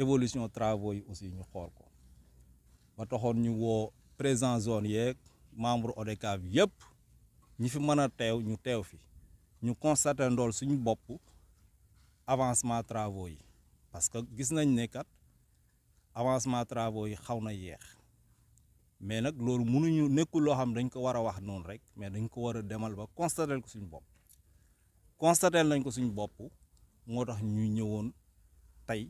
évolution travaux yi aussi ñu xool ko ba taxoon ñu woo président zone yeeg membre ODCAV yëpp ñi fi mën a teew ñu teew fi ñu constaté ndool suñu bopp avancement travaux yi parce que gis nañ ne kat avancement travaux yi xaw na yeex mais nag loolu mënuñu nekkul loo xam dañ ko war a wax noonu rek mais dañ ko war a demal ba constaté ko suñu bopp constaté nañ ko suñu bopp moo tax ñu ñëwoon tey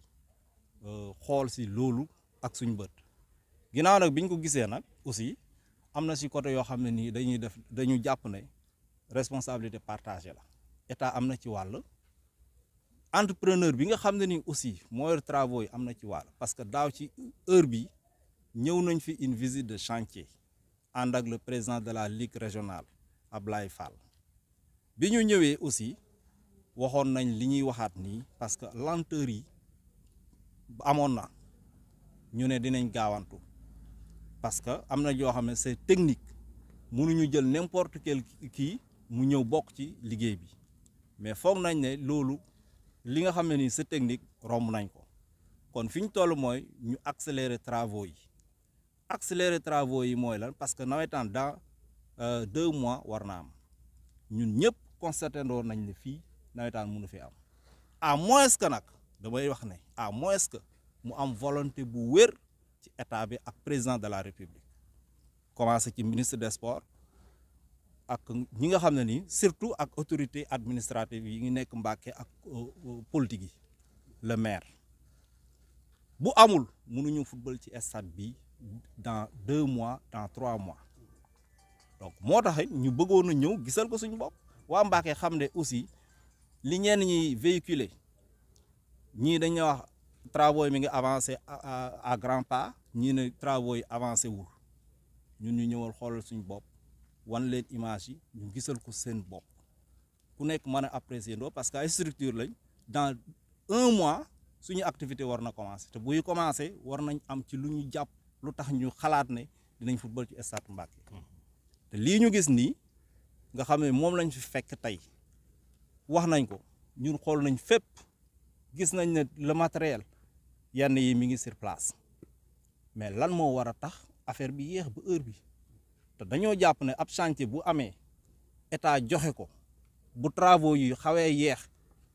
xool si loolu ak suñ bët ginnaaw nag biñ ko gisee nag aussi am na si côté yoo xam ne nii dañuy def dañu jàpp ne responsabilité partagée la état am na ci wàll entrepreneur bi nga xam ne nii aussi mooy travaux yi am na ci wàll parce que daaw ci heure bi ñëw nañ fi une visite de chantier ànd ak le président de la ligue régionale Ablaye Fall bi ñu ñëwee aussi waxoon nañ li ñuy waxaat nii parce que lenteur yi amoon na ñu ne dinañ gaawantu parce que am na yoo xam ne c'est technique mënuñu jël n'importe ki kii mu ñëw bokk ci liggéey bi mais foog nañ ne loolu li nga xam ne nii c'est technique romb nañ ko kon fi ñu toll mooy ñu accélérer travaux yi accélérer travaux yi mooy lan parce que nawetaan dans euh, deux mois war na am ñun ñëpp constaté ndoon nañ ne fii nawetaan mënu fi am à moins que damay wax ne à moins que mu am volonté bu wér ci état bi ak président de la république commencé ci ministre des sports ak ñi nga xam ne ni surtout ak autorité administrative yi ngi nekk Mbàkke ak euh, euh, politique yi le maire bu amul mënuñu football ci stade bi dans deux mois dans trois mois donc moo tax ñu bëggoon a ñëw gisal ko suñu bopp waa Mbàkke xam ne aussi li ñenn ñi véhiculer ñii dañuy wax travaux yi mi ngi avancé à grand pas ñii ne travaux yi avancé wul ñun ñu ñëwal xoolal suñu bopp wan leen image yi ñu gisal ko seen bopp ku nekk mën a apprécier ndoo parce que ay structure lañ dans un mois suñu activité war na commencé te buy commencé war nañ am ci lu ñu jàpp lu tax ñu xalaat ne dinañ football ci stade Mbacké te lii ñu gis nii nga xam moom lañ fi fekk tey wax nañ ko ñun xool nañ fépp gis nañ ne le matériel yenn yi mi ngi sur place mais lan moo war a tax affaire bi yéex ba heure bi te dañoo jàpp ne ab chantier bu amee état joxe ko bu travaux yi xawee yeex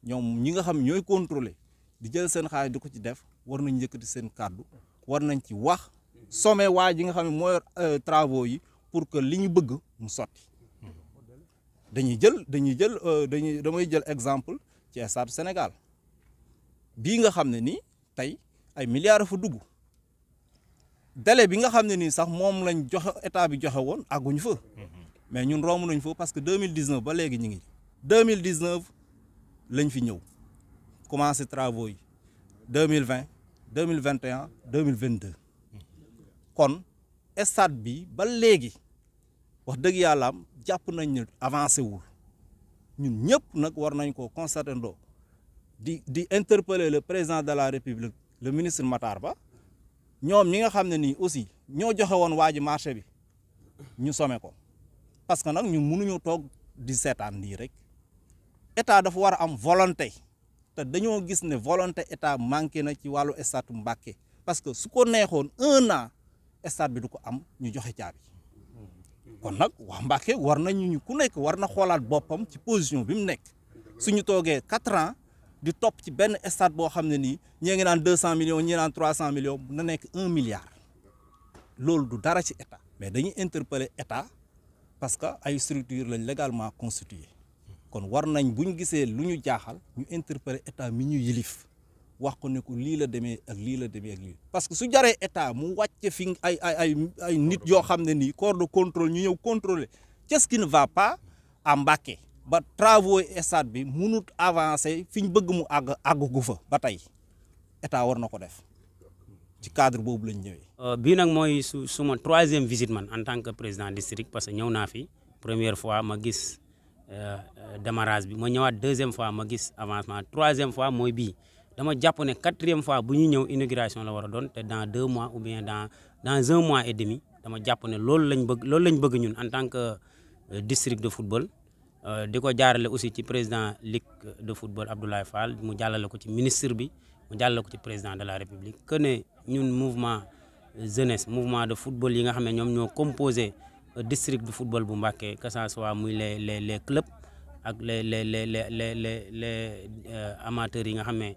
ñoom ñi nga xam ñooy contrôler di jël seen xaalis di ko ci def war nañ yëkkati seen kàddu war nañ ci wax sommet waa ji nga xam ne mooy euh, travaux yi pour que li ñu bëgg mu sotti dañuy jël dañuy jël euh, dañuy damay jël exemple ci État Sénégal bii nga xam ne nii tey ay milliards fa dugg dele bi nga xam ne ni sax moom lañ joxe état bi joxe woon àgguñu fa mais ñun romb nañ fa parce que 2019 ba léegi ñu ngi 2019 lañ fi ñëw commencé travaux yi 2020 2021 2022 kon stade bi ba léegi wax dëgg yàllaam jàpp nañ ne avancé wul ñun ñëpp nag war nañ ko constater ndoo di di interpeller le président de la république le ministre Matar Ba ñoom ñi nga xam ne nii aussi ñoo joxe woon waa ji marché bi ñu some ko parce que nag ñu mënuñu toog di seetaan lii rek état dafa war a am volonté te dañoo gis ne volonté état manqué na ci wàllu stade Mbacké parce que su ko neexoon un an bi du ko am ñu joxe caabi kon nag waa Mbacké war nañu ñu ku nekk war na xoolaat boppam ci position bi mu nekk ñu toogee quatre ans. di topp ci benn stade boo xam ne nii ñee ngi naan deux cent millions ñii naan trois cent millions na nekk un milliard loolu du dara ci état mais dañuy interpeller état parce que ay structure lañ légalement constitué kon war nañ bu ñu gisee lu ñu jaaxal ñu interpeller état mi ñu yilif wax ko ne ko lii la demee ak lii la demee ak lii parce que su jaree état mu wàcce fi ay ay ay nit yoo xam ne nii corps de contrôle ñu ñëw contrôler qu'est-ce qui ne va pas à Mbacké ba travaux stade bi munut avancer fi ñu bëgg mu àgg àggugu fa ba tey état war na ko def ci cadre boobu lañ ñëwee. Euh, bii nag mooy su suma troisième visite man en tant que président district parce que ñëw naa fi première fois ma gis euh, euh, démarrage bi ma ñëwaat deuxième fois ma gis avancement troisième fois mooy bii dama jàpp ne quatrième fois bu ñu ñëw inauguration la war a doon te dans deux mois ou bien dans dans un mois et demi dama jàpp ne loolu lañ bëgg loolu lañ bëgg ñun en tant que district de football. Euh, di ko jaarale aussi ci président ligue de football Abdoulaye Fall mu jàllale ko ci ministre bi mu jàllale ko ci président de la république que ne ñun mouvement jeunesse mouvement de football yi nga xam ne ñoom ñoo composé district de football bu Mbacké que ça soit muy le les les clubs ak les les les les les les euh, amateurs yi nga xam ne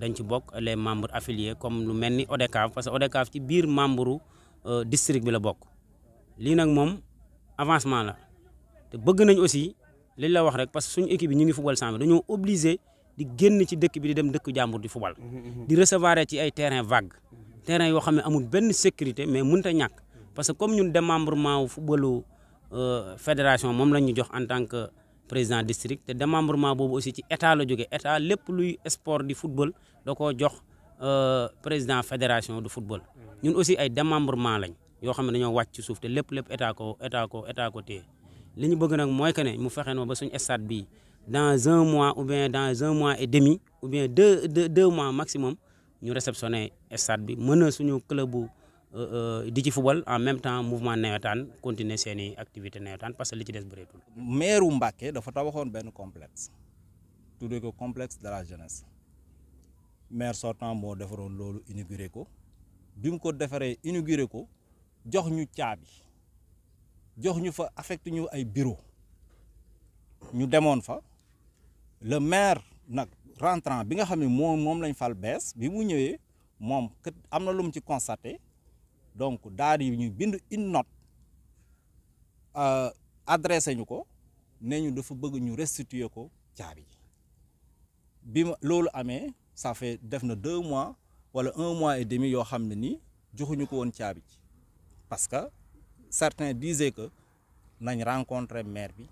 dañ ci bokk les membres affiliés comme lu mel ni ODECAV parce que ODECAV ci biir membre euh, district bi la bokk lii nag moom avancement la te bëgg nañ aussi. liñ la wax rek parce que suñu équipe yi ñu ngi football sans dañoo obligé di génn ci dëkk bi di dem dëkk jàmbur di football. Mhm, mhm, mhm. di recevoir ci ay terrain vague. terrain yoo xam ne amul benn sécurité mais mënut a ñàkk parce que comme ñun démembrement wu footballu euh, fédération moom la ñu jox en tant que président district te démembrement boobu aussi ci état la jóge état lépp luy sport di football da koo jox euh, président fédération du football. ñun aussi ay démembrement lañ yoo xam ne dañoo ci suuf te lépp lépp état ko état ko li ñu bëgg nag mooy que ne mu fexe noo ba suñu stade bii dans un mois ou bien dans un mois et demi ou bien deux deux, deux mois maximum ñu réceptionné stade bi mën na suñu club bu euh, euh, di ci football en même temps mouvement nawetaan continuer seen i activité nawetaan parce que li ci des bëreetul. maire wu Mbacké dafa tabaxoon benn complexe. tuddee ko complexe de la jeunesse. maire sortant moo defaroon loolu inauguré ko bi ko defaree inauguré ko jox ñu caabi. jox ñu fa affect ñu ay bureau ñu demoon fa le maire nag rentrant bi nga xam ne moom moom lañ fal bees bi mu ñëwee moom kat am na lu mu ci constaté donc daal yi ñu bind une note euh, adressé ñu ko nee ñu dafa bëgg ñu restituer ko caabi bi ma loolu amee ça fait def na deux mois wala un mois et demi yoo xam ne nii joxuñu ko woon caabi parce que certains disaient que nañ rencontrer maire bi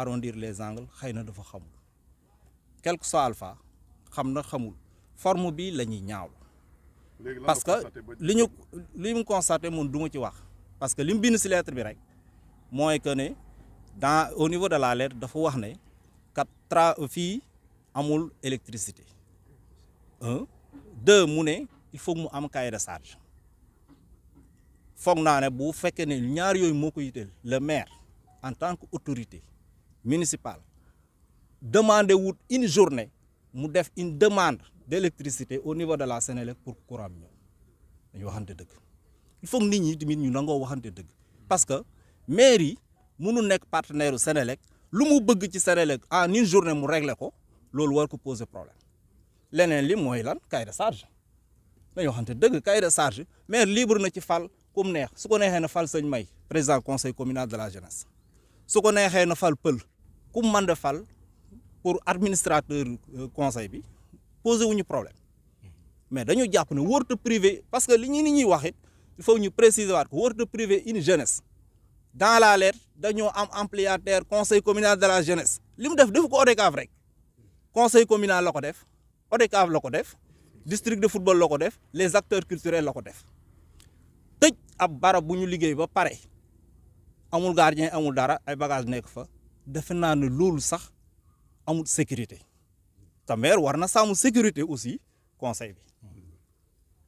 arrondir les angles xëy na dafa xamul quelque que soit alpha xam na xamul forme bi la ñuy ñaaw parce que li ñu li mu constaté mun duma ci wax parce que li mu bind si lettre bi rek mooy que ne dans au niveau de la lettre dafa wax ne kat tra fi amul électricité un deux mu ne il faut mu am cahier de charge foog naa ne bu fekkee ne ñaar yooyu moo ko yitteel le maire en tant que autorité municipale demande wut une journée mu def une demande d' électricité au niveau de la Sénélec pour courant bi ñoo dañu waxante dëgg il faut nit ñi tamit ñu nangoo waxante dëgg parce que maire yi mënu nekk partenaire u lu mu bëgg ci Sénélec en une journée mu réglé ko loolu war ko problème leneen li mooy lan cahier de charge dañu waxante dëgg cahier de charge maire libre na ci fal ku mu neex su ko neexee na fal sëñ May président conseil communal de la jeunesse su ko neexee na fal pël ku mu de fal pour administrateur euh, conseil bi posé ñu problème mais dañu jàpp ne wóorte privé parce que li ñu ni ñuy wax it il faut ñu préciser waat ko wóorte privé une jeunesse dans la lettre dañoo am ampliataire conseil communal de la jeunesse li mu def defu ko ODCAV rek conseil communal la ko def ODCAV la ko def district de football la ko def les acteurs culturels la ko def tëj ab barab bu ñu liggéey ba pare amul gardien amul dara ay bagage nekk fa defe naa ne loolu sax amul sécurité te maire war na sàmm sécurité aussi conseil bi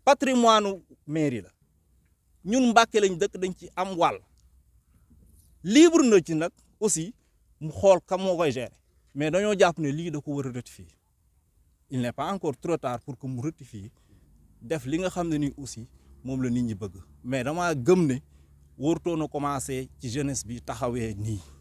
patrimoine mairie la ñun Mbàkke lañ dëkk dañ ci am wàll libre na ci nag aussi mu xool kam moo koy gérer mais dañoo jàpp ne lii da ko war a fii il n'est pas encore trop pour que mu fii def li nga xam ne ni aussi moom la nit ñi bëgg mais dama gëm ne wóortoon na commencé ci jeunesse bi taxawee nii